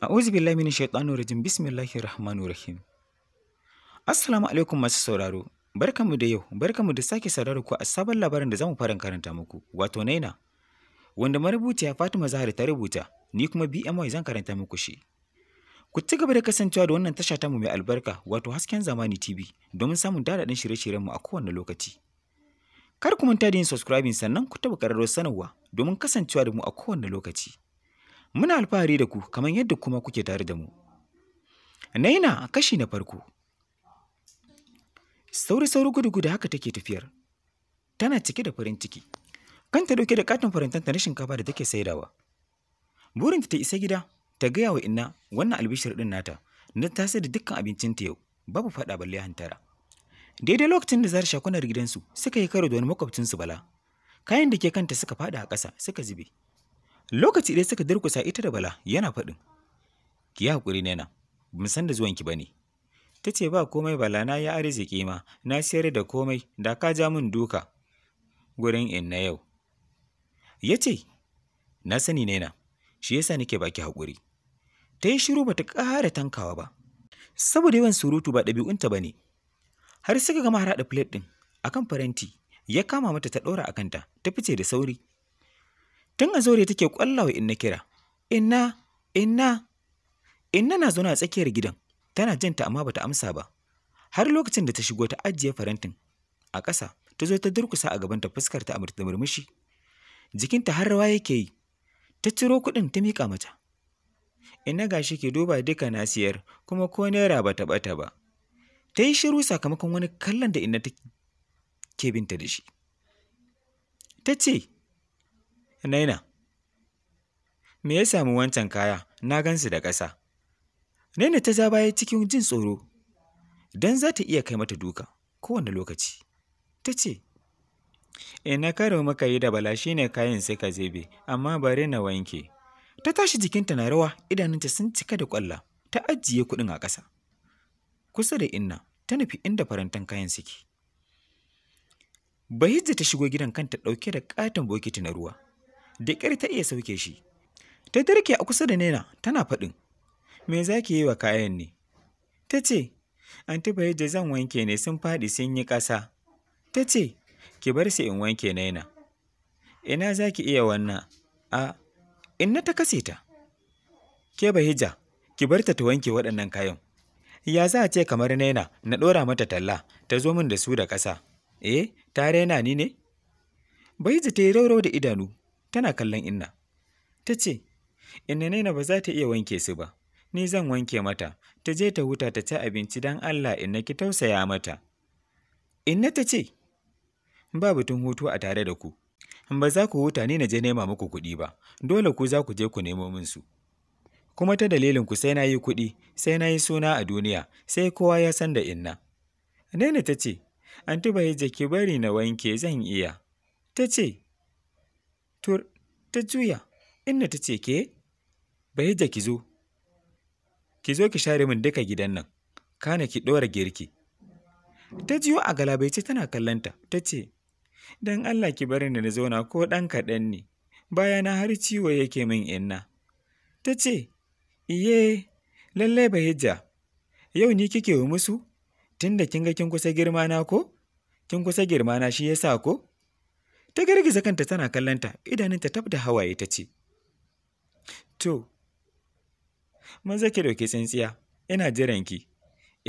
A'udhu billahi minash shaitanir rajim. Bismillahir rahmanir rahim. Assalamu alaikum masu sauraro. Barkanmu da yau, barkanmu da sake sauraro ku a sabon labarin da zamu fara karanta muku, wato Naina. Wanda marubuciya Fatima Zahra ta rubuta, ni kuma BMY zan karanta muku shi. Ku ci gaba da kasancewa da wannan tasha ta mu mai albarka, wato Hasken Zamani TV, domin samun daɗin shirye shiryen mu a kowane lokaci. Kar ku manta da yin subscribing sannan ku taɓa ƙararrawar sanarwa domin kasancewa da mu a kowane lokaci. muna alfahari da ku kamar yadda kuma kuke tare da mu naina kashi na farko sauri sauri gudu gudu haka take tafiyar tana cike da farin ciki kanta doke da katon farantanta na shinkafa da take saidawa burinta ta isa gida ta gaya wa inna wannan albishir din nata na ta sai da dukkan abincinta yau babu fada balle hantara daidai lokacin da zar shakunar gidansu suka yi karo da wani makwabcinsu bala kayan da ke kanta suka fada a ƙasa suka zube lokaci ɗaya suka durkusa ita da bala yana faɗin ki yi haƙuri nena mun san da zuwanki ba ne ta ce ba komai bala na ya arziki ma na siyar da komai da ka ja min duka gurin in na yau ya ce na sani nena shi yasa nake baki hakuri. ta yi shiru bata ƙara tankawa ba saboda yawan surutu ba ɗabi'unta ba ne har suka gama haɗa filet ɗin akan faranti ya kama mata ta ɗora a kanta ta fice da sauri tun a zaure take kwallawa inna kira inna inna inna na zaune a tsakiyar gidan tana jinta amma bata amsa ba har lokacin da ta shigo ta ajiye farantin a ƙasa ta zo ta durkusa a gaban ta fuskar ta amurta murmushi jikinta har rawa yake yi ta ciro kuɗin ta miƙa mata ina shi ke duba duka na siyar kuma ko naira bata bata ba ta yi shiru sakamakon wani kallon da inna ta ke binta da shi ta ce Naina, me ya sami wancan kaya na gansu da ƙasa? Naina ta ja baya cikin jin tsoro, don za ta iya kai mata duka kowane lokaci. Ta ce, Ina eh, karo maka yi da bala shi ne kayan sai ka zebe, amma bari na wanke. Ta tashi jikinta na rawa idanunta sun cika da ƙwalla, ta ajiye kuɗin a ƙasa. Kusa da inna, ta nufi inda farantan kayan suke. Bahijja ta shigo gidan kanta ɗauke da ƙaton bokiti na ruwa. da ƙyar ta iya sauke shi ta tarke a kusa da nena tana faɗin me za ki yi wa kayan ne ta ce antibayi da zan wanke ne sun faɗi sun yi ƙasa ta ce ki bar su in wanke naina ina za ki iya wannan a inna ta kase ta ke bahija ki bar ta ta wanke waɗannan kayan ya za a ce kamar naina na ɗora mata talla ta zo min da su da ƙasa eh ta raina ni ne bahija ta yi rauro da idanu tana kallon inna. Ta ce, Inna Naina ba za ta iya wanke su ba, ni zan wanke mata, ta je ta huta ta ci abinci don Allah inna ki tausaya mata. Inna ta ce, Ba batun hutu a tare da ku, ba za ku huta ni na je nema muku kuɗi ba, dole ku za ku je ku nemo min su. Kuma ta dalilin ku sai na yi kuɗi, sai na yi suna a duniya, sai kowa ya san da inna. Naina ta ce, Anti Bahijja ki bari na wanke zan iya. Ta ce, tur ta juya inna ta ce ke bai da ki zo ki zo ki share min duka gidan nan kana ki ɗora girki ta jiyo a galabaice tana kallanta ta ce dan allah ki bari ni na zauna ko ɗan kaɗan ne bayana har ciwo yake min inna ta ce iye lallai bahijja yau ni kike wa musu tunda kin ga kin kusa girma na ko kin kusa girma na shi yasa ko Ta girgiza kanta tana kallonta, idanunta tab da hawaye ta ce, To, maza ki ɗauki tsintsiya, ina jiranki,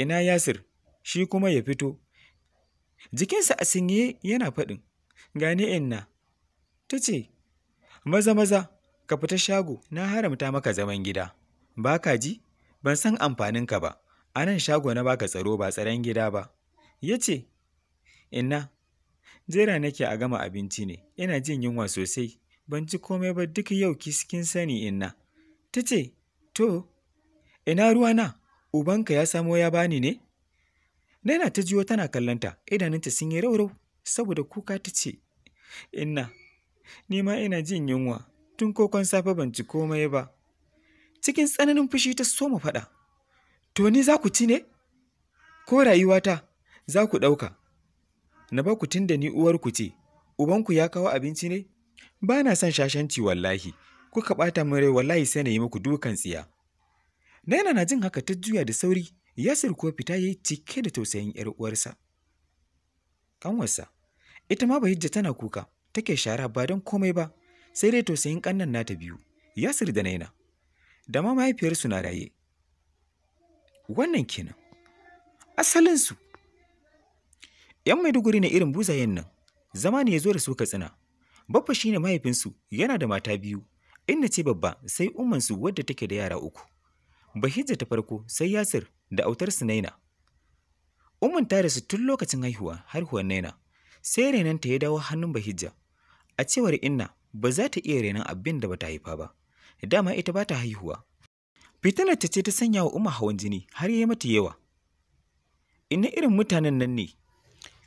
ina Yasir, shi kuma ya fito. Jikinsa a sinye yana faɗin, Gane inna, ta ce, Maza maza, ka fita shago, na haramta maka zaman gida, ba ka ji, ban san amfaninka ba, a nan shago na baka tsaro ba tsaren gida ba. Ya ce, Inna, Jera nake a gama abinci ne, ina jin yunwa sosai, ban ci komai ba duk yau kiskin sani inna. Ta ce, To, ina ruwana, ubanka ya samo ya bani ne? Naina ta jiwo tana kallonta, idanunta sun yi raurau saboda kuka ta ce, Inna, ni ma ina jin yunwa, tun kokon safe ban ci komai ba. Cikin tsananin fushi ta soma faɗa, To, ni za ku ci ne? Ko rayuwata za ku ɗauka? na ba ku tunda ni uwarku ce, ubanku ya kawo abinci ne? Ba na son shashanci wallahi, kuka ɓata min rai wallahi sai na yi muku dukan tsiya. Naina na jin haka ta juya da sauri, Yasir sirko fita ya yi cike da tausayin ‘yar uwarsa. Ƙanwarsa, ita ma Bahijja tana kuka, take shara ba don komai ba, sai dai tausayin ƙannan nata biyu, Yasir da Naina, da ma mahaifiyarsu na raye. Wannan kenan. Asalinsu ‘Yan Maiduguri na irin buzayen nan, zama ne ya zo da su Katsina. Baffa shi ne mahaifinsu yana da mata biyu, inna ce babba sai ummansu wadda take da yara uku. Bahijja ta farko sai Yasir da autar naina. Umman ta rasu tun lokacin haihuwa haihuwar Naina, sai renanta ya dawo hannun Bahijja. A cewar Inna ba za ta iya renan abin da bata haifa ba, dama ita ba ta haihuwa. Fitinar ta ce ta sanya wa Umma hawan jini har ya yi mata yawa. Inna irin mutanen nan ne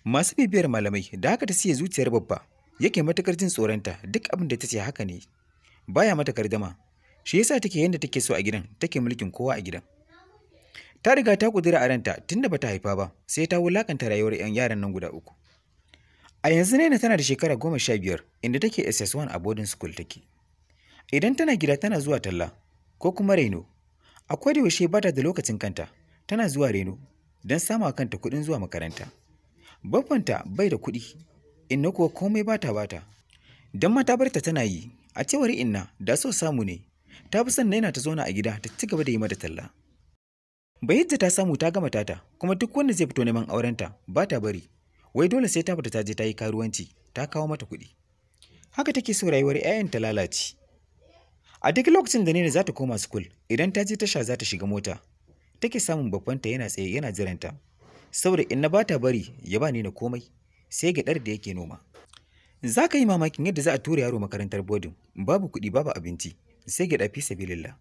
masu bibiyar malamai da haka ta siya zuciyar babba yake matakar jin tsoronta duk abin da ta ce haka ne baya mata kardama shi yasa take yadda take so a gidan take mulkin kowa a gidan ta riga ta kudura a ranta tunda bata haifa ba sai ta wulakanta rayuwar 'yan yaran nan guda uku a yanzu Naina tana da shekara goma sha biyar inda take SS1 a boarding school take idan tana gida tana zuwa talla ko kuma reno akwai da yaushe bata da lokacin kanta tana zuwa reno don sama kanta kuɗin zuwa makaranta Baffanta bai da kuɗi, inna kuwa komai bata bata. Don ma ta bar ta tana yi, a cewar inna da so samu ne, ta fi son yana ta zauna a gida ta ci gaba da yi mata talla. Bayyatta ta samu ta gama tata, kuma duk wanda zai fito neman aurenta ba ta bari. Wai dole sai ta fita ta je ta yi karuwanci, ta kawo mata kuɗi. Haka take so rayuwar 'ya'yan ta lalace. A duk lokacin da Nene za ta koma sukul, idan ta je tasha za ta shiga mota, take samun babbanta yana tsaye yana jiranta. saboda in na bata bari ya ba ni na komai sai gyaɗar da yake noma za ka yi mamakin yadda za a tura yaro makarantar bodin babu kuɗi babu abinci sai gyaɗa fi sabilillah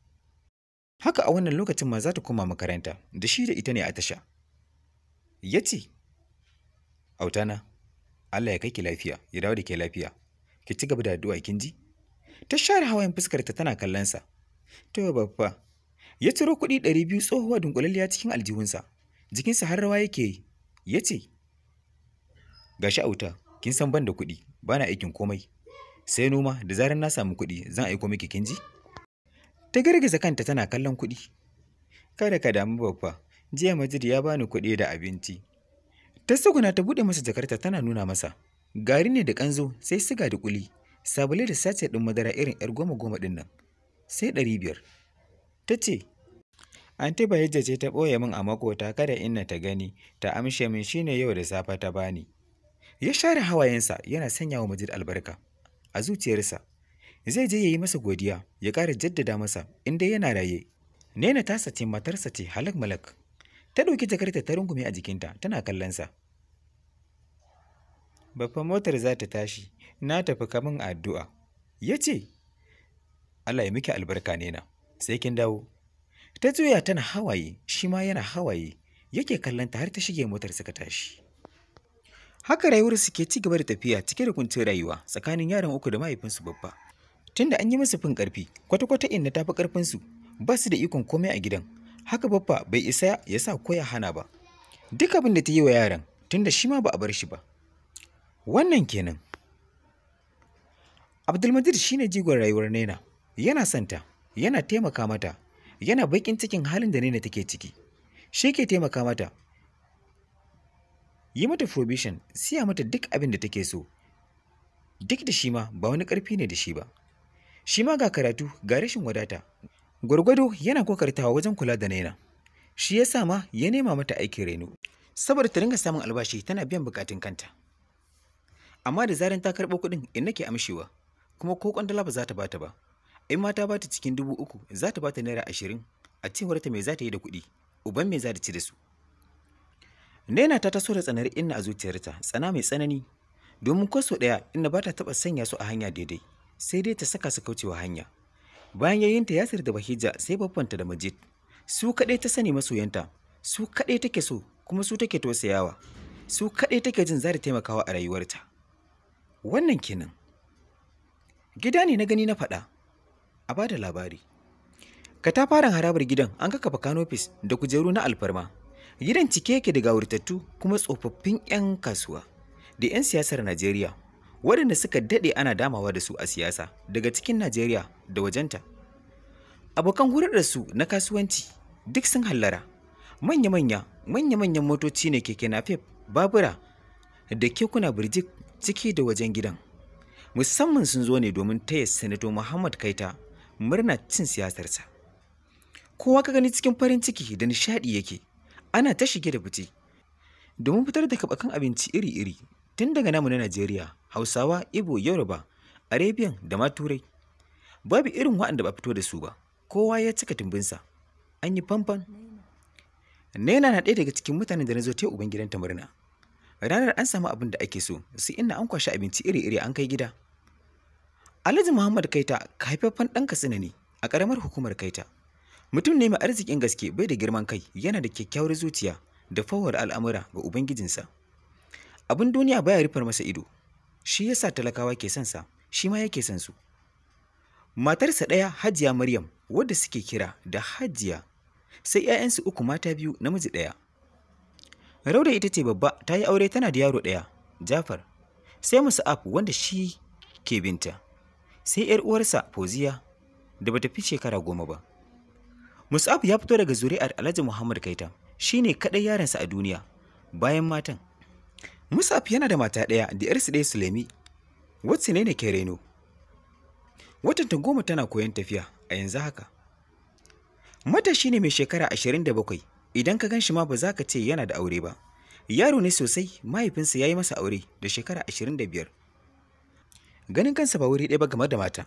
haka a wannan lokacin ma za ta koma makaranta da shi da ita ne a tasha ya ce autana allah ya kai ki lafiya ya dawo da ke lafiya ki ci gaba da addu'a kin ji ta share hawayen ta tana kallon sa to babba ya ciro kuɗi ɗari biyu tsohuwa dunkulalliya cikin aljihunsa jikinsa har rawa yake yi ya ce shi auta kin san ban da kuɗi ba na aikin komai sai noma da zarar na samu kuɗi zan aiko miki kin ji ta girgiza kanta tana kallon kuɗi kada ka damu babba jiya majid ya bani kuɗi da abinci ta tsuguna ta buɗe masa jakarta tana nuna masa gari ne da kanzo sai siga da kuli sabulai da sace ɗin madara irin yar goma goma ɗin nan sai ɗari biyar ta ce Anti Bahijja ce ta ɓoye min a makota kada inna ta gani ta amshe min shine yau da safe ta bani. Ya share hawayensa yana sanya wa Majid albarka a zuciyarsa. Zai je ya yi masa godiya ya ƙara jaddada masa inda yana raye. Nena tasa ce matarsa ce halak malak. Ta ɗauki jakarta ta rungume a jikinta tana kallonsa. Babban motar za ta tashi na tafi kamun addu'a. Ya ce, Allah ya miki albarka nena, sai kin dawo. ta juya tana hawaye shi ma yana hawaye yake kallon ta har ta shige motar suka tashi haka rayuwar su ke ci gaba da tafiya cike da kuncin rayuwa tsakanin yaran uku da mahaifinsu babba tunda an yi musu fin karfi kwata-kwata inda tafi karfin su ba su da ikon komai a gidan haka babba bai isa ya sa koya hana ba duk abin da ta yi wa yaran tunda shi ma ba a bar shi ba wannan kenan abdulmajid shine jigon rayuwar naina yana santa yana taimaka mata yana bakin cikin halin da Nina take ciki. Shi ke taimaka mata. Yi mata provision, siya mata duk abin da take so. Duk da shi ma ba wani ƙarfi ne da shi ba. Shi ma ga karatu ga rashin wadata. Gwargwado yana kokartawa wajen kula da Nina. Shi ya sa ma ya nema mata aikin reno. Saboda ta ringa samun albashi tana biyan bukatun kanta. Amma da zaran ta karɓo kuɗin in nake amshewa, kuma ko kwandala ba za ta bata ba. in mata ba ta cikin dubu uku za ta ba ta naira ashirin a cewar ta mai za ta yi da kuɗi uban mai za ta ci da su Naina ta taso da tsanar inna a zuciyarta tsana mai tsanani domin kwaso ɗaya inna ba ta taɓa sanya su a hanya daidai sai dai ta saka su kaucewa hanya bayan yayinta yasir da bahija sai babbanta da majid su kaɗai ta sani masoyanta su kaɗai take so kuma su take tausayawa su kaɗai take jin za ta taimakawa a rayuwarta wannan kenan gida ne na gani na faɗa a ba da labari. Katafaren harabar gidan an kakkafa kanofis da kujeru na alfarma. Gidan cike yake da gawurtattu kuma tsofaffin 'yan kasuwa da 'yan siyasar Najeriya waɗanda suka daɗe ana damawa da su a siyasa daga cikin Najeriya da wajenta. Abokan su na kasuwanci duk sun hallara. Manya-manya, manya-manyan motoci ne keke nafef babura da kekuna birjik ciki da wajen gidan. Musamman sun zo ne domin taya Sanato Muhammad Kaita murna cin siyasarsa kowa ka gani cikin farin ciki da nishaɗi yake ana ta shige da fice domin fitar da kaɓakan abinci iri-iri tun daga namu na najeriya hausawa ibo yoruba arabian da ma turai babu irin waɗanda ba fito da su ba kowa ya cika tumbinsa an yi famfan Naina na ɗaya daga cikin mutanen da na zo taya ubangidanta murna. Ranar an samu abin da ake so, sai ina an kwashi abinci iri-iri an kai gida. Alhaji Muhammad Kaita haifaffen ɗan Katsina ne a ƙaramar hukumar Kaita. Mutum ne mai arzikin gaske bai da girman kai yana da kyakkyawar zuciya da fawar al'amura ga Ubangijinsa. Abin duniya baya rufar masa ido, shi ya sa talakawa ke son sa, shi ma yake son su. Matarsa ɗaya Hajiya Maryam wadda suke kira da Hajiya sai 'ya'yansu uku mata biyu namiji ɗaya. Rauda ita ce babba ta yi aure tana da yaro ɗaya, Jafar, sai Musa'af wanda shi ke binta. sai ‘yar uwarsa Fauziya da bata fi shekara goma ba. Mus'ab ya fito daga zuri'ar Alhaji Muhammad Kaita, shine kaɗai yaransa a duniya bayan matan. Mus'ab yana da mata ɗaya da ‘yarsa ɗaya Sulemi, wacce ne ke reno. Watan ta goma tana koyon tafiya a yanzu haka. Matashi ne mai shekara ashirin da bakwai, idan ka gan shi ma ba za ka ce yana da aure ba. Yaro ne sosai mahaifinsa ya yi masa aure da shekara ashirin da biyar. ganin kansa ba wuri ɗaya ba game da mata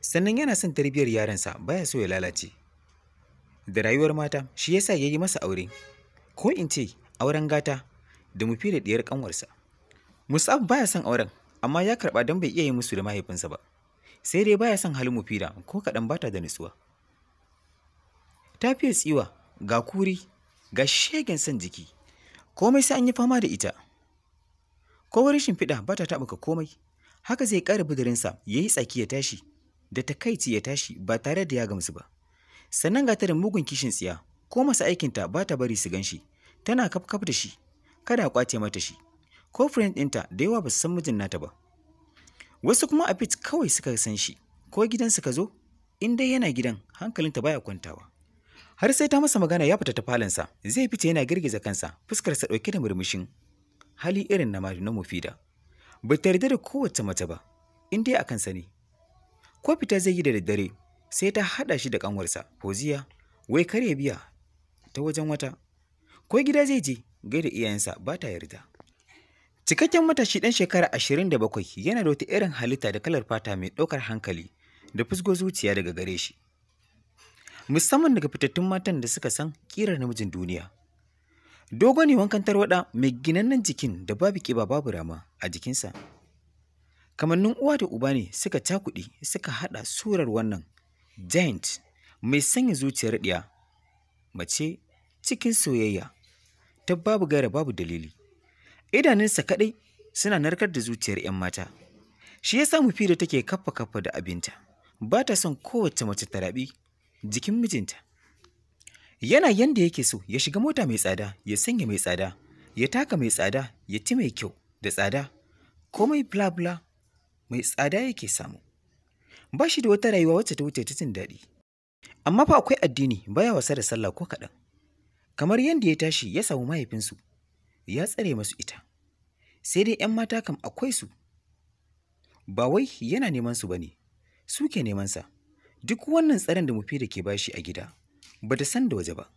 sannan yana son tarbiyyar yaransa baya so ya lalace da rayuwar mata shi yasa ya yi masa aure ko in ce auren gata da mufi da ɗiyar ƙanwarsa musab baya son auren amma ya karɓa don bai iya yi musu da mahaifinsa ba sai dai baya son halin mufida ko kaɗan bata da nutsuwa ta fiye tsiwa ga kuri ga shegen son jiki komai sai an yi fama da ita ko rashin fiɗa ba ta taɓuka komai haka zai ƙara bidirinsa ya yi tsaki ya tashi da takaici ya tashi ba tare da ya gamsu ba sannan ga tarin mugun kishin tsiya ko masa aikinta ba ta bari su gan shi tana kafkaf da shi kada a kwace mata shi ko friend ɗinta da yawa ba su san mijin nata ba wasu kuma a fit kawai suka san shi ko gidan ka zo in dai yana gidan hankalinta baya kwantawa har sai ta masa magana ya fita ta falansa zai fita yana girgiza kansa fuskarsa ɗauke da murmushin hali irin na mufida ba ta yarda da kowace mace ba in dai akan sani ko fita zai yi da daddare sai ta haɗa shi da ƙanwarsa Foziya. wai kar ya biya ta wajen wata ko gida zai je da iyayensa ba ta yarda cikakken matashi ɗan shekara ashirin da bakwai yana da wata irin halitta da kalar fata mai ɗaukar hankali da fusgo zuciya daga gare shi musamman daga fitattun matan da suka san ƙirar namijin duniya Dogo ne wankan tarwaɗa mai ginannan jikin da babu ƙiba babu rama a jikinsa. Kamannin uwa da uba ne suka cakuɗe suka haɗa surar wannan giant mai sanya zuciyar ɗiya mace cikin soyayya ta babu gaira babu dalili. Idanunsa kaɗai suna narkar da zuciyar 'yan mata. Shi ya samu fi da take kafa kafa da abinta. Ba ta son kowace mace ta raɓi jikin mijinta. yana yanda yake so ya shiga mota mai tsada ya sanya mai tsada ya taka mai tsada ya ci mai kyau da tsada komai bla bla mai tsada yake samu ba shi da wata rayuwa wacce ta wuce ta jin daɗi amma fa akwai addini baya wasa da sallah ko kaɗan kamar yadda ya tashi ya samu mahaifinsu ya tsare masu ita sai dai 'yan mata kam akwai su ba wai yana neman su ba ne su ke neman sa duk wannan tsaron da mufi da ke bashi a gida ba ta san da waje ba.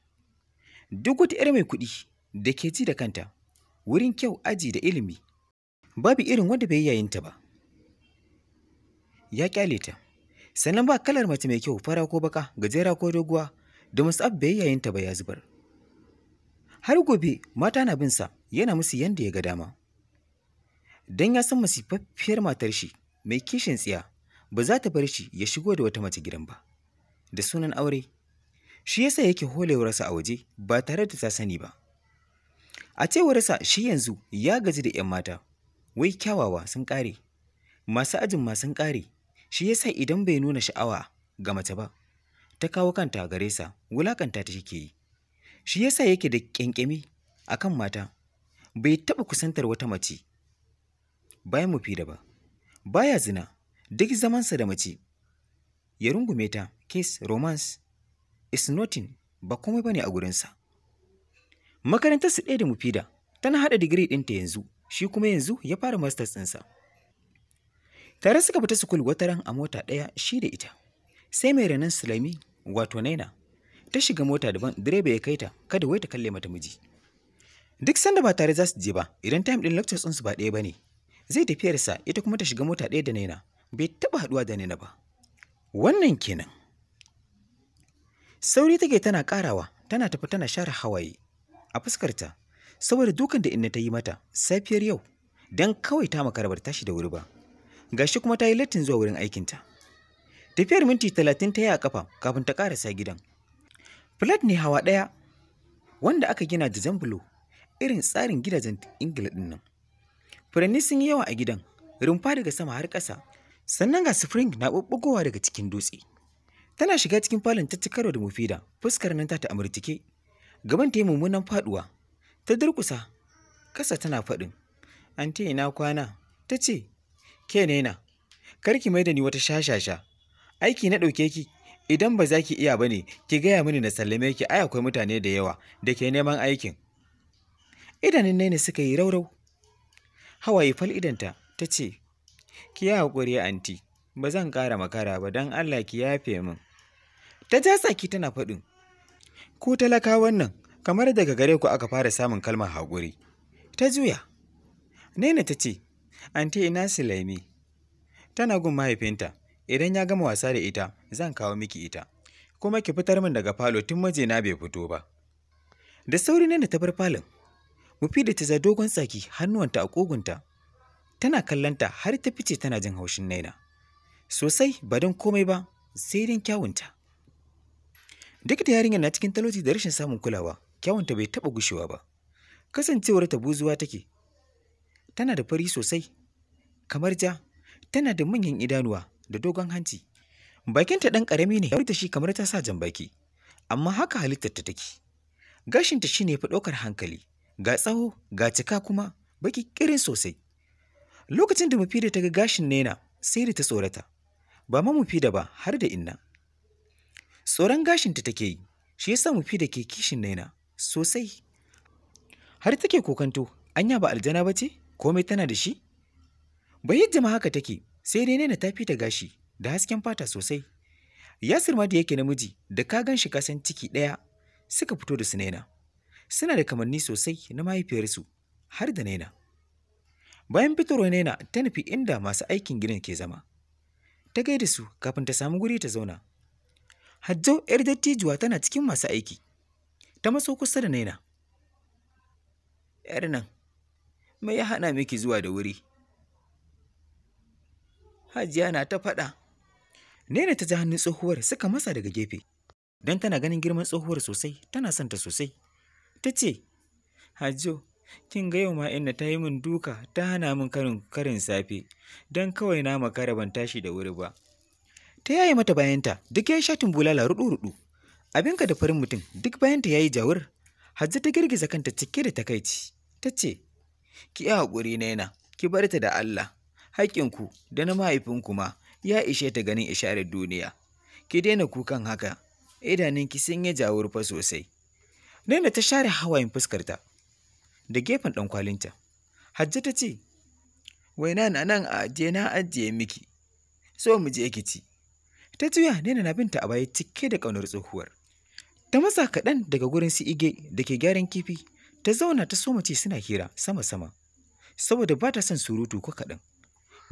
Duk wata ‘yar mai kuɗi da ke ci da kanta, wurin kyau aji da ilimi, babu irin wanda bai yayinta ba. Ya kyale ta, sannan ba kalar mace mai kyau fara ko baka, gajera ko doguwa, da Musab bai yayinta ba ya zubar. Har gobe mata na bin sa yana musu yanda ya ga dama. Dan ya san masifaffiyar matar shi mai kishin tsiya ba za ta bar shi ya shigo da wata mace gidan ba. Da sunan aure shi yasa yake holewarsa a waje ba tare da ta sani ba. A cewarsa shi yanzu ya gaji da ‘yan mata, wai kyawawa sun ƙare, masu ajin ma sun ƙare, shi yasa idan bai nuna sha'awa ga mace ba, ta kawo kanta gare sa wulakanta ta shike yi. Shi yasa yake da ƙyanƙyami a kan mata, bai taɓa kusantar wata mace bayan mu da ba, baya zina duk zamansa da mace, ya rungume ta, kiss, romance, is nothing ba komai ba ne a gurinsa. Makarantarsu ɗaya da Mufida tana haɗa digiri ɗinta yanzu, shi kuma yanzu ya fara masters ɗinsa. Tare suka fita sukul wata ran a mota ɗaya shi da ita. Sai mai ranan Sulami, wato Naina, ta shiga mota daban direba ya kai ta kada wai ta kalle mata miji. Duk sanda ba tare za su je ba, idan time ɗin lectures ɗinsu ba ɗaya ba ne. Zai sa ita kuma ta shiga mota ɗaya da Naina, bai taɓa haɗuwa da Naina ba. Wannan kenan. sauri take tana karawa tana tafi tana share hawaye a fuskarta saboda dukan da inna ta yi mata safiyar yau don kawai ta makarabar tashi da wuri ba gashi kuma ta yi latin zuwa wurin aikinta tafiyar minti talatin ta yi a kafa kafin ta karasa gidan flat ne hawa ɗaya wanda aka gina da zambulo irin tsarin gidajen ingila ɗinnan. nan furanni sun yi yawa a gidan rumfa daga sama har ƙasa sannan ga spring na ɓuɓɓugowa daga cikin dutse Tana shiga cikin falon ta ci da Mufida, fuskar nan ta ta amurtike. Gaban ta yi mummunan faduwa. Ta durkusa, kasa tana faɗin. Anti ina kwana, ta ce, ke nena, kar ki mai da ni wata shashasha. Aiki na ɗauke ki, idan ba za ki iya ba ne, ki gaya mini na sallame ki ai akwai mutane da yawa da ke neman aikin. Idanun Naina suka yi raurau. Hawaye fal idanta ta ce, ki yi haƙuri anti, ba zan ƙara makara ba don Allah ki yafe min. ta ja tsaki tana faɗin ku talakawan nan kamar daga gare ku aka fara samun kalmar haƙuri ta juya Naina ta ce, Anti ina Sulaimi, tana gun mahaifinta, idan ya gama wasa da ita, zan kawo miki ita, kuma ki fitar min daga falo tun majina bai fito ba. Da sauri ne ta bar falon, Mufida ta za dogon tsaki hannuwanta a ƙugunta, tana kallanta har ta fice tana jin haushin Naina. Sosai ba don komai ba, sai don kyawunta. Duk da yarinyar na cikin talauci da rashin samun kulawa, kyawunta bai taɓa gushewa ba. Kasancewar ta buzuwa take. Tana da fari sosai, kamar ja, tana da manyan idanuwa da dogon hanci. Bakinta ɗan ƙarami ne, yawar shi kamar ta sa jan baki, amma haka ta take. Gashinta shi ne ɗaukar hankali, ga tsawo, ga cika kuma, baki ƙirin sosai. Lokacin da mafida ta ga gashin nena, sai da ta tsorata. Ba ma mafida ba, har da inna. tsoron gashinta take yi shi yasa fi da ke kishin naina sosai har take kokanto anya ba aljana ba ce komai tana da shi bai yadda ma haka take sai dai naina ta fi ta gashi da hasken fata sosai yasir ma da yake namiji da ka gan shi kasan ciki ɗaya suka fito da su naina suna da kamanni sosai na mahaifiyarsu har da naina bayan fitarwa naina ta nufi inda masu aikin gidan ke zama ta gaida su kafin ta samu guri ta zauna Hajjo, ‘yar dattijuwa tana cikin masu aiki, ta maso kusa da naina. ‘Yar nan, mai ya hana miki zuwa da wuri? Hajiya na ta faɗa. Naina ta ji hannun tsohuwar suka masa daga gefe, don tana ganin girman tsohuwar sosai, tana son ta sosai. Ta ce, Hajjo, kin ga yau ma inna ta yi min duka ta hana min karin safe, don kawai na makara ban tashi da wuri ba. ta yaye mata bayanta duk ya yi shatin bulala ruɗu Abin ka da farin mutum duk bayanta ya yi jawur hajji ta girgiza kanta cike da takaici ta ce ki yi haƙuri na yana ki bar ta da allah ku da na mahaifinku ma ya ishe ta ganin isharar duniya ki daina kukan haka Idaninki sun yi jawur fa sosai Naina ta share hawayen fuskarta da gefen ɗankwalinta. Hajji ta ce, Waina na nan a ajiye na ajiye miki, so mu je ki ci. ta juya nena na binta a baya cike da ƙaunar tsohuwar ta matsa kaɗan daga gurin su ige da ke gyaran kifi ta zauna ta soma ce suna hira sama-sama saboda ba ta son surutu ko kaɗan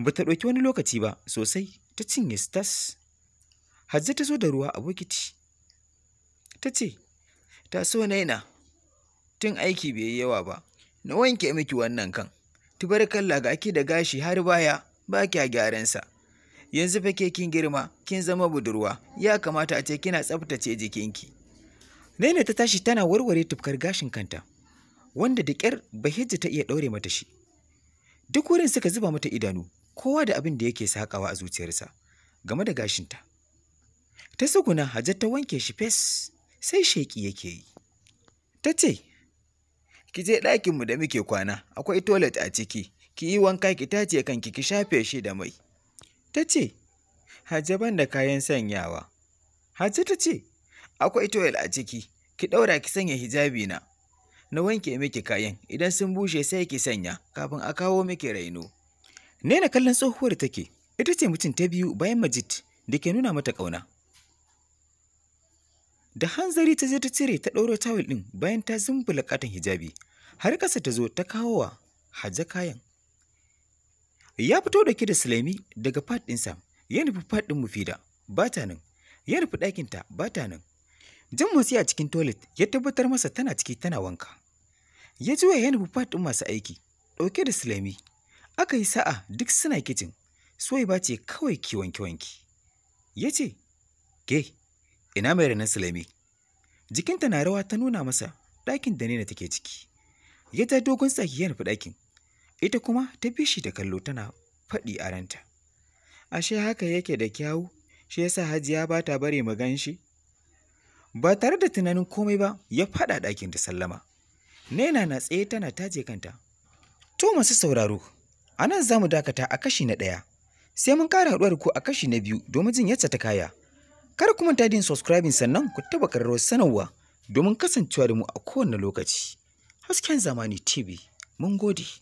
ba ta ɗauki wani lokaci ba sosai ta cinye stas hajji ta zo da ruwa a bokiti ta ce ta so naina tun aiki bai yi yawa ba na wanke miki wannan kan kalla ga ake da gashi har baya ba kya gyaran sa yanzu fa ke kin girma kin zama budurwa ya kamata a ce kina tsaftace jikinki Naina ta tashi tana warware tufkar gashin kanta wanda da ƙyar Bahijja ta iya ɗaure mata shi duk wurin suka zuba mata idanu kowa da abin da yake sakawa a zuciyarsa game da gashinta ta suguna hajjar ta wanke shi fes sai sheki yake yi ta ce ki je ɗakinmu da muke kwana akwai toilet a ciki ki yi wanka ki tace kanki ki shafe shi da mai ta ce, Hajji ban da kayan sanyawa. Hajji ta ce, Akwai toyel a ciki, ki ɗaura ki sanya hijabi na. Na wanke miki kayan, idan sun bushe sai ki sanya, kafin a kawo miki raino. Nena kallon tsohuwar take, ita ce mutum ta biyu bayan Majid da ke nuna mata ƙauna. Da hanzari ta je ta cire ta ɗauro tawul ɗin bayan ta zumbula katon hijabi, har ƙasa ta zo ta kawo wa Hajji kayan. Ya fito da ke da Sulemi daga fat ɗinsa, ya nufi fat ɗin Mufida, ba ta nan, ya nufi ɗakinta, ba ta nan. Jan motsi a cikin toilet ya tabbatar masa tana ciki tana wanka. Ya juya ya nufi fat ɗin masu aiki, ɗauke da Sulemi. Aka yi sa'a duk suna kicin, soyi ba ce kawai ki wanke wanki Ya ce, Ke, ina mai ranar Sulemi? Jikinta na rawa ta nuna masa ɗakin da na take ciki. Ya ta dogon tsaki ya nufi ɗakin, ita kuma ta fi shi da kallo tana faɗi a ranta ashe haka yake da kyawu shi yasa hajiya ba ta bare mu gan shi ba tare da tunanin komai ba ya faɗa ɗakin da sallama Naina na tsaye tana taje kanta to masu sauraro a nan za mu dakata a kashi na ɗaya sai mun ƙara haɗuwar ku a kashi na biyu domin jin yadda ta kaya kar ku manta din subscribing sannan ku taɓa ƙararrawar sanarwa domin kasancewa da mu a kowane lokaci hasken zamani tv mun gode